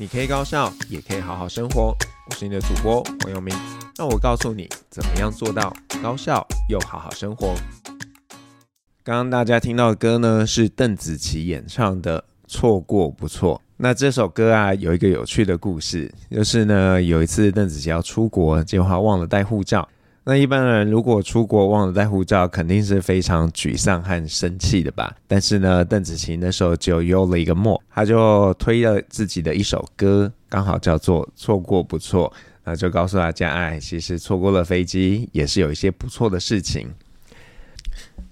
你可以高效，也可以好好生活。我是你的主播黃友明，那我告訴你怎麼樣做到高效又好好生活。剛剛大家聽到的歌呢，是鄧紫棋演唱的《錯過不錯》。那這首歌啊，有一個有趣的故事，就是呢，有一次鄧紫棋要出國，結果忘了帶護照。那一般人如果出國忘了帶護照，肯定是非常沮喪和生氣的吧？但是呢，鄧紫棋那時候就幽了一個默，她就推了自己的一首歌，剛好叫做《錯過不錯》，那就告訴大家，哎，其實錯過了飛機也是有一些不錯的事情。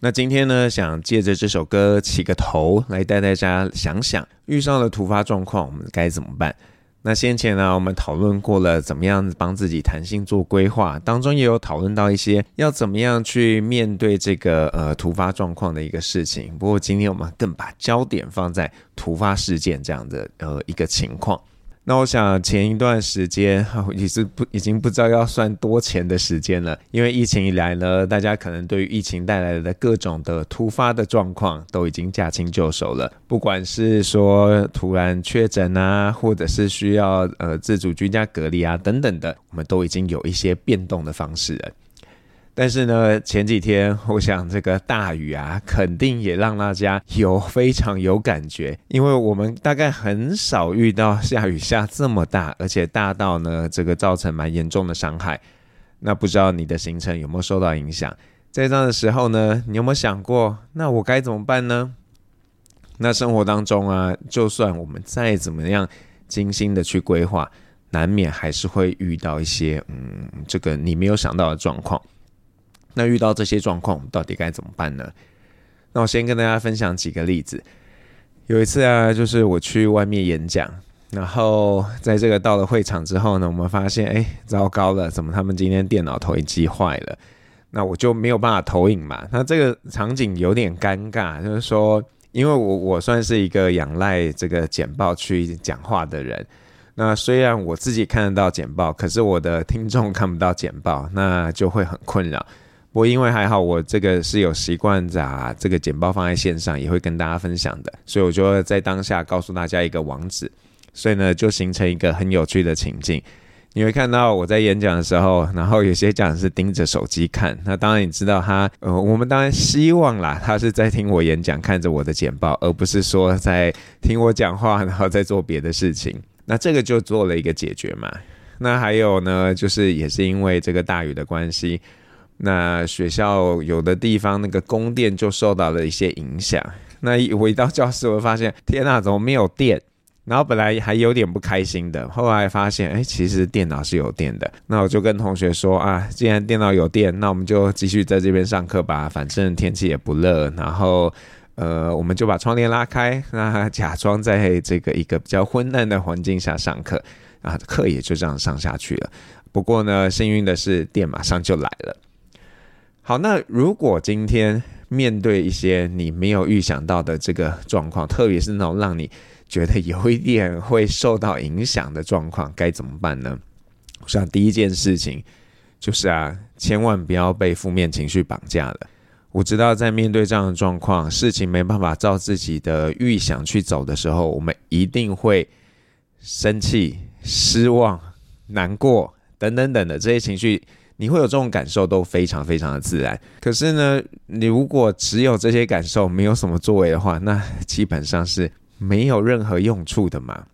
那今天呢，想借着這首歌起個頭，來帶大家想想，遇上了突發狀況，我們該怎麼辦？那先前呢，我們討論過了怎麼樣幫自己彈性做規劃，當中也有討論到一些要怎麼樣去面對這個呃突發狀況的一個事情。不過今天我們更把焦點放在突發事件這樣的呃一個情況。那我想前一段時間啊，已是不已經不知道要算多前的時間了，因為疫情以來呢，大家可能對於疫情帶來的各種的突發的狀況都已經駕輕就熟了，不管是說突然確診啊，或者是需要呃自主居家隔離啊等等的，我們都已經有一些變動的方式了。但是呢，前幾天我想這個大雨啊，肯定也讓大家有非常有感覺，因為我們大概很少遇到下雨下這麼大，而且大到呢這個造成蠻嚴重的傷害。那不知道你的行程有沒有受到影響？在這樣的時候呢，你有沒有想過，那我該怎麼辦呢？那生活當中啊，就算我們再怎麼樣精心的去規劃，難免還是會遇到一些嗯，這個你沒有想到的狀況。那遇到這些狀況，我們到底該怎麼辦呢？那我先跟大家分享幾個例子。有一次啊，就是我去外面演講，然後在這個到了會場之後呢，我們發現，哎，糟糕了，怎麼他們今天電腦投影機壞了？那我就沒有辦法投影嘛。那這個場景有點尷尬，就是說，因為我我算是一個仰賴這個簡報去講話的人。那雖然我自己看得到簡報，可是我的聽眾看不到簡報，那就會很困擾。我因為還好，我這個是有習慣把、啊、這個簡報放在線上，也會跟大家分享的，所以我就會在當下告訴大家一個網址，所以呢就形成一個很有趣的情境。你會看到我在演講的時候，然後有些講師盯着手機看。那當然你知道他、呃，我們當然希望啦，他是在聽我演講，看着我的簡報，而不是說在聽我講話，然後在做別的事情。那這個就做了一個解決嘛。那還有呢，就是也是因為這個大雨的關係。那學校有的地方那個供電就受到了一些影響，那一回到教室我就發現，天哪，怎麼沒有電？然後本來還有點不開心的，後來發現，哎，其實電腦是有電的。那我就跟同學說啊，既然電腦有電，那我們就繼續在這邊上課吧，反正天氣也不熱。然後，呃，我們就把窗簾拉開，那假裝在這個一個比較昏暗的環境下上課，啊，課也就這樣上下去了。不過呢，幸運的是電馬上就來了。好，那如果今天面對一些你沒有預想到的這個狀況，特別是那種讓你覺得有一點會受到影響的狀況，該怎麼辦呢？我想第一件事情就是啊，千萬不要被負面情緒綁架了。我知道在面對這樣的狀況，事情沒辦法照自己的預想去走的時候，我們一定會生氣、失望、難過等等等等的這些情緒。你會有這種感受都非常非常的自然，可是呢，你如果只有這些感受，沒有什麼作為的話，那基本上是沒有任何用處的嘛。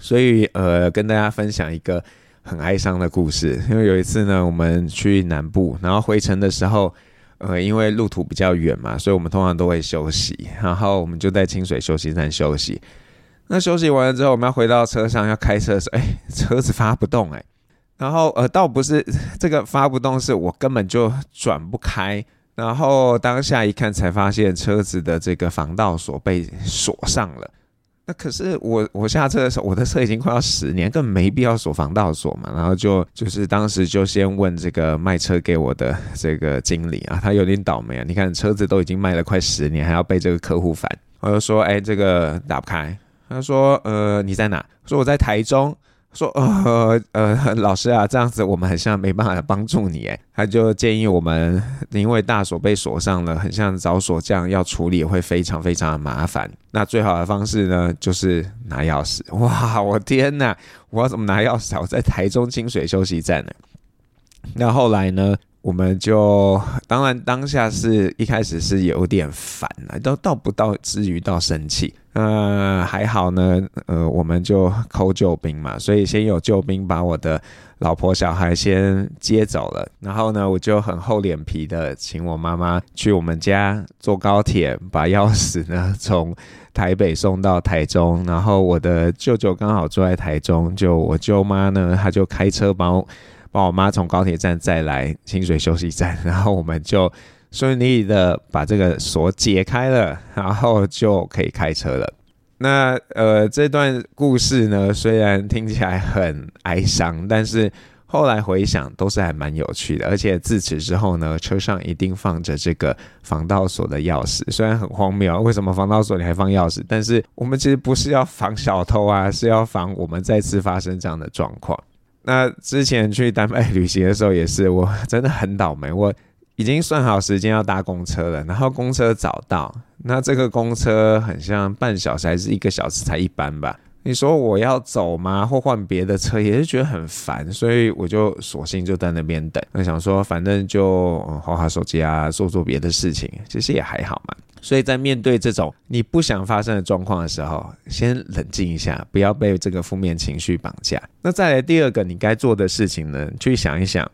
所以，呃，跟大家分享一個很哀傷的故事。因為有一次呢，我們去南部，然後回程的時候，呃，因為路途比較遠嘛，所以我們通常都會休息，然後我們就在清水休息站休息。那休息完了之後，我們要回到車上，要開車的時候，哎、欸，車子發不動、欸，哎。然後呃，倒不是這個發不動，是我根本就轉不開。然後當下一看，才發現車子的這個防盜鎖被鎖上了。那可是我我下車的時候，我的車已經快要十年，根本沒必要鎖防盜鎖嘛。然後就就是當時就先問這個賣車給我的這個經理啊，他有點倒霉啊。你看車子都已經賣了快十年，還要被這個客戶煩。我就說，哎，這個打不開。他說，呃，你在哪？說我在台中。說呃呃，老師啊，這樣子我們好像沒辦法幫助你哎。他就建議我們，因為大鎖被鎖上了，很像找鎖匠要處理，會非常非常的麻煩。那最好的方式呢，就是拿鑰匙。哇，我天哪！我要怎麼拿鑰匙啊？我在台中清水休息站呢啊。那後來呢？我們就當然當下是一開始是有點煩了，啊，都倒不到至於到生氣。呃還好呢，呃我們就摳救兵嘛，所以先有救兵把我的老婆小孩先接走了，然後呢，我就很厚臉皮的請我媽媽去我們家坐高鐵，把鑰匙呢從台北送到台中，然後我的舅舅剛好住在台中，就我舅媽呢，她就開車幫我。把我媽從高鐵站再來清水休息站，然後我們就順利的把這個鎖解開了，然後就可以開車了。那呃，這段故事呢，雖然聽起來很哀傷，但是後來回想都是還蠻有趣的。而且自此之後呢，車上一定放着這個防盜鎖的鑰匙，雖然很荒謬，為什麼防盜鎖你還放鑰匙？但是我們其實不是要防小偷啊，是要防我們再次發生這樣的狀況。那之前去丹麥旅行的時候也是，我真的很倒霉。我已經算好時間要搭公車了，然後公車早到，那這個公車很像半小時還是一個小時才一班吧？你說我要走嗎？或換別的車也是覺得很煩，所以我就索性就在那邊等。那想說反正就滑滑手機啊，做做別的事情，其實也還好嘛。所以在面對這種你不想發生的狀況的時候，先冷靜一下，不要被這個負面情緒綁架。那再來第二個，你該做的事情呢？去想一想，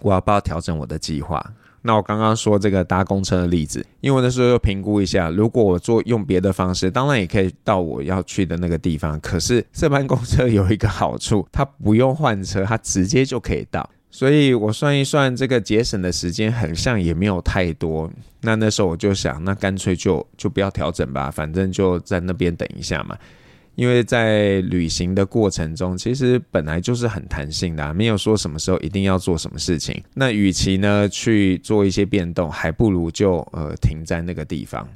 我要不要調整我的計劃？那我剛剛說這個搭公車的例子，因為那時候又評估一下，如果我做用別的方式，當然也可以到我要去的那個地方。可是這班公車有一個好處，它不用換車，它直接就可以到。所以我算一算，這個節省的時間很像也沒有太多。那那時候我就想，那乾脆就就不要調整吧，反正就在那邊等一下嘛。因為在旅行的過程中，其實本來就是很彈性的啊，沒有說什麼時候一定要做什麼事情。那與其呢去做一些變動，還不如就呃停在那個地方。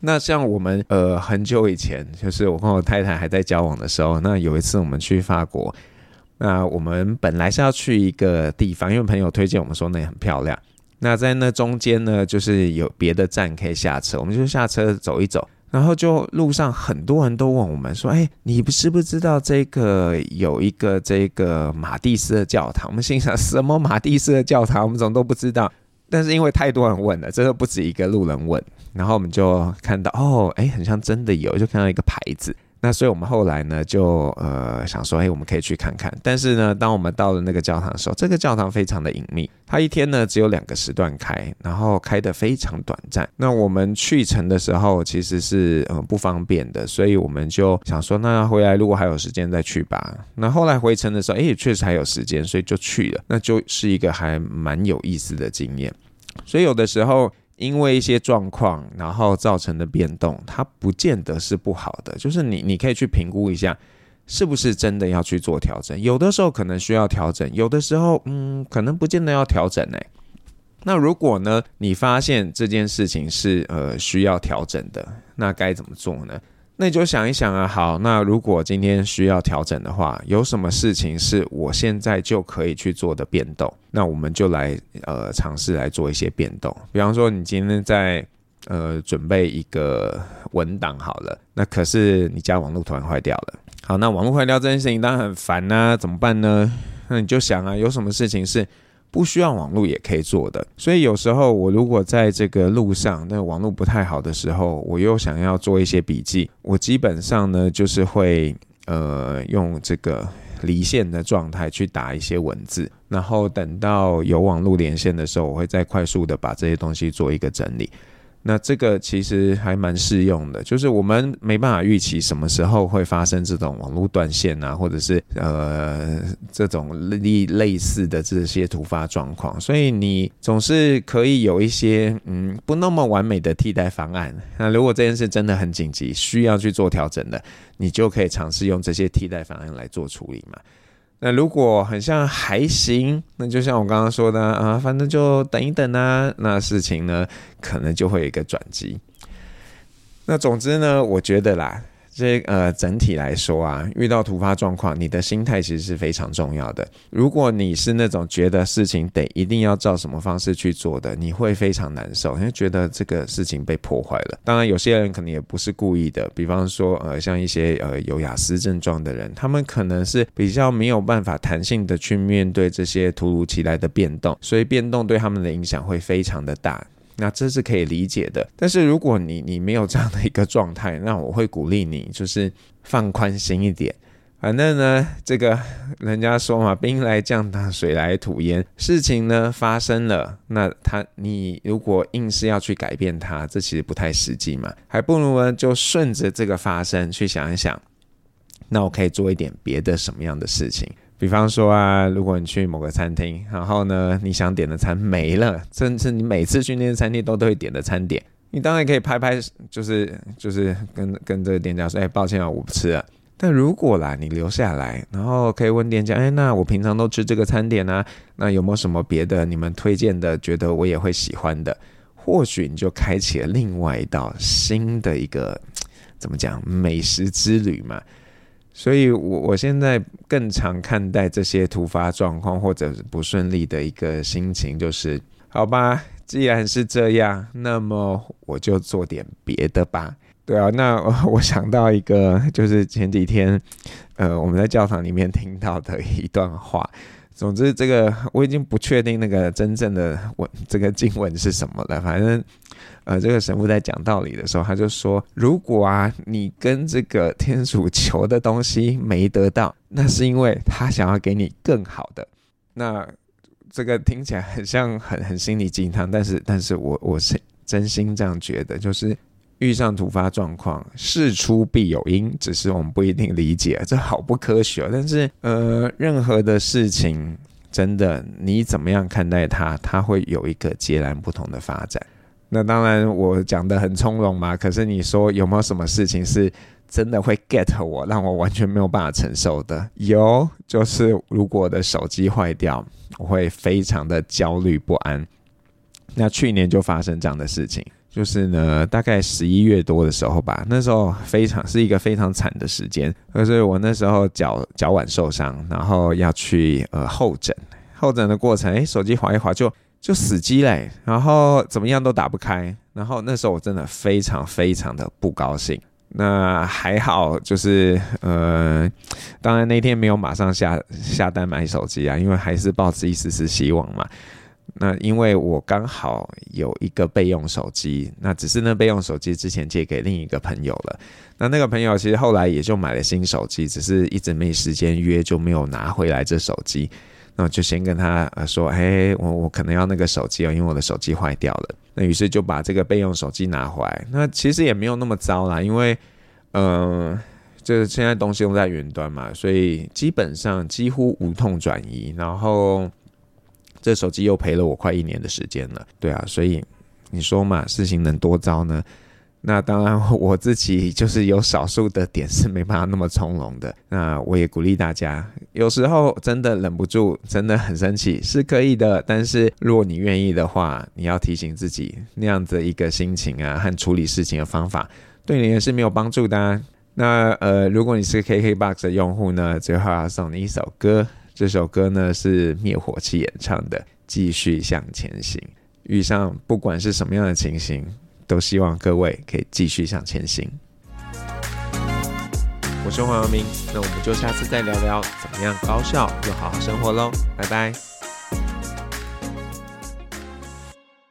那像我們呃很久以前，就是我跟我太太還在交往的時候，那有一次我們去法國。那我們本來是要去一個地方，因為朋友推薦我們說那裡很漂亮。那在那中間呢，就是有別的站可以下車，我們就下車走一走。然後就路上很多人都問我們說：“哎、欸，你是不是不知道這個有一個這個馬蒂斯的教堂？”我們心想：“什麼馬蒂斯的教堂？我們怎麼都不知道？”但是因為太多人問了，真的不止一個路人問，然後我們就看到哦，哎、欸，很像真的有，就看到一個牌子。那所以，我們後來呢，就呃想說，誒，我們可以去看看。但是呢，當我們到了那個教堂的時候，這個教堂非常的隱祕，它一天呢只有兩個時段開，然後開得非常短暫。那我們去程的時候其實是嗯不方便的，所以我們就想說，那回來如果還有時間再去吧。那後來回程的時候，誒，確實還有時間，所以就去了。那就是一個還蠻有意思的經驗。所以有的時候，因為一些狀況，然後造成的變動，它不見得是不好的。就是你，你可以去評估一下，是不是真的要去做調整。有的時候可能需要調整，有的時候，嗯，可能不見得要調整哎。那如果呢，你發現這件事情是呃需要調整的，那該怎麼做呢？那你就想一想啊，好，那如果今天需要調整的話，有什麼事情是我現在就可以去做的變動？那我們就來呃嘗試來做一些變動。比方說，你今天在呃準備一個文檔好了，那可是你家網絡突然壞掉了。好，那網絡壞掉這件事情當然很煩啊，怎麼辦呢？那你就想啊，有什麼事情是？不需要網絡也可以做的，所以有時候我如果在這個路上，那網絡不太好的時候，我又想要做一些筆記，我基本上呢就是會呃用這個離線的狀態去打一些文字，然後等到有網絡連線的時候，我會再快速的把這些東西做一個整理。那這個其實還蠻適用的，就是我們沒辦法預期什麼時候會發生這種網絡斷線啊，或者是呃這種類類似的這些突發狀況，所以你總是可以有一些嗯不那麼完美的替代方案。那如果這件事真的很緊急，需要去做調整的，你就可以嘗試用這些替代方案來做處理嘛。那如果很像還行，那就像我剛剛說的啊，反正就等一等啊，那事情呢可能就會有一個轉機。那總之呢，我覺得啦。這些呃，整體來說啊，遇到突發狀況，你的心態其實是非常重要的。如果你是那種覺得事情得一定要照什麼方式去做的，你會非常難受，因為覺得這個事情被破壞了。當然，有些人可能也不是故意的，比方說呃，像一些呃有亞斯症狀的人，他們可能是比較沒有辦法彈性的去面對這些突如其來的變動，所以變動對他們的影響會非常的大。那這是可以理解的，但是如果你你沒有這樣的一個狀態，那我會鼓勵你，就是放寬心一點。反正呢，這個人家說嘛，兵來將擋，水來土掩，事情呢發生了，那他你如果硬是要去改變它，這其實不太實際嘛，還不如呢就順着這個發生去想一想，那我可以做一點別的什麼樣的事情。比方說啊，如果你去某個餐廳，然後呢，你想點的餐沒了，甚至你每次去那些餐廳都都會點的餐點，你當然可以拍拍，就是就是跟跟這個店家說，欸，抱歉啊，我不吃了。但如果啦，你留下來，然後可以問店家，欸，那我平常都吃這個餐點呢，那有沒有什麼別的你們推薦的，覺得我也會喜歡的？或許你就開啟了另外一道新的一個怎麼講美食之旅嘛。所以我，我我現在更常看待這些突發狀況或者不順利的一個心情，就是好吧，既然是這樣，那麼我就做點別的吧。對啊，那我想到一個，就是前幾天，呃，我們在教堂裡面聽到的一段話。總之，這個我已經不確定那個真正的文這個經文是什麼了，反正。呃，這個神父在講道理的時候，他就說：“如果啊，你跟這個天主求的東西沒得到，那是因為他想要給你更好的。那”那這個聽起來很像很很心理雞湯，但是，但是我我是真心這樣覺得，就是遇上突發狀況，事出必有因，只是我們不一定理解，這好不科學。但是，呃，任何的事情，真的你怎麼樣看待它，它會有一個截然不同的發展。那當然，我講得很從容嘛。可是你說有沒有什麼事情是真的會 get 我，讓我完全沒有辦法承受的？有，就是如果我的手機壞掉，我會非常的焦慮不安。那去年就發生這樣的事情，就是呢，大概十一月多的時候吧，那時候非常是一個非常慘的時間，而是我那時候腳腳腕受傷，然後要去呃候診，候診的過程，誒、欸，手機滑一滑就。就死機嘞、欸，然後怎麼樣都打不開，然後那時候我真的非常非常的不高興。那還好，就是呃，當然那天沒有馬上下下單買手機啊，因為還是抱着一絲絲希望嘛。那因為我剛好有一個備用手機，那只是那備用手機之前借給另一個朋友了。那那個朋友其實後來也就買了新手機，只是一直沒時間約，就沒有拿回來這手機。那我就先跟他說，哎，我我可能要那個手機哦，因為我的手機壞掉了。那於是就把這個備用手機拿回來。那其實也沒有那麼糟啦，因為，嗯、呃，就是現在東西用在雲端嘛，所以基本上幾乎無痛轉移。然後這手機又陪了我快一年的時間了，對啊，所以你說嘛，事情能多糟呢？那當然，我自己就是有少數的點是沒辦法那麼從容的。那我也鼓勵大家，有時候真的忍不住，真的很生氣是可以的。但是如果你願意的話，你要提醒自己，那樣子一個心情啊和處理事情的方法，對你也是沒有幫助的啊。那呃，如果你是 KKBOX 的用戶呢，最後要送你一首歌，這首歌呢是滅火器演唱的《繼續向前行》，遇上不管是什麼樣的情形，都希望各位可以繼續向前行。我是黃耀明，那我們就下次再聊聊怎麼樣高效又好好生活嘍，拜拜。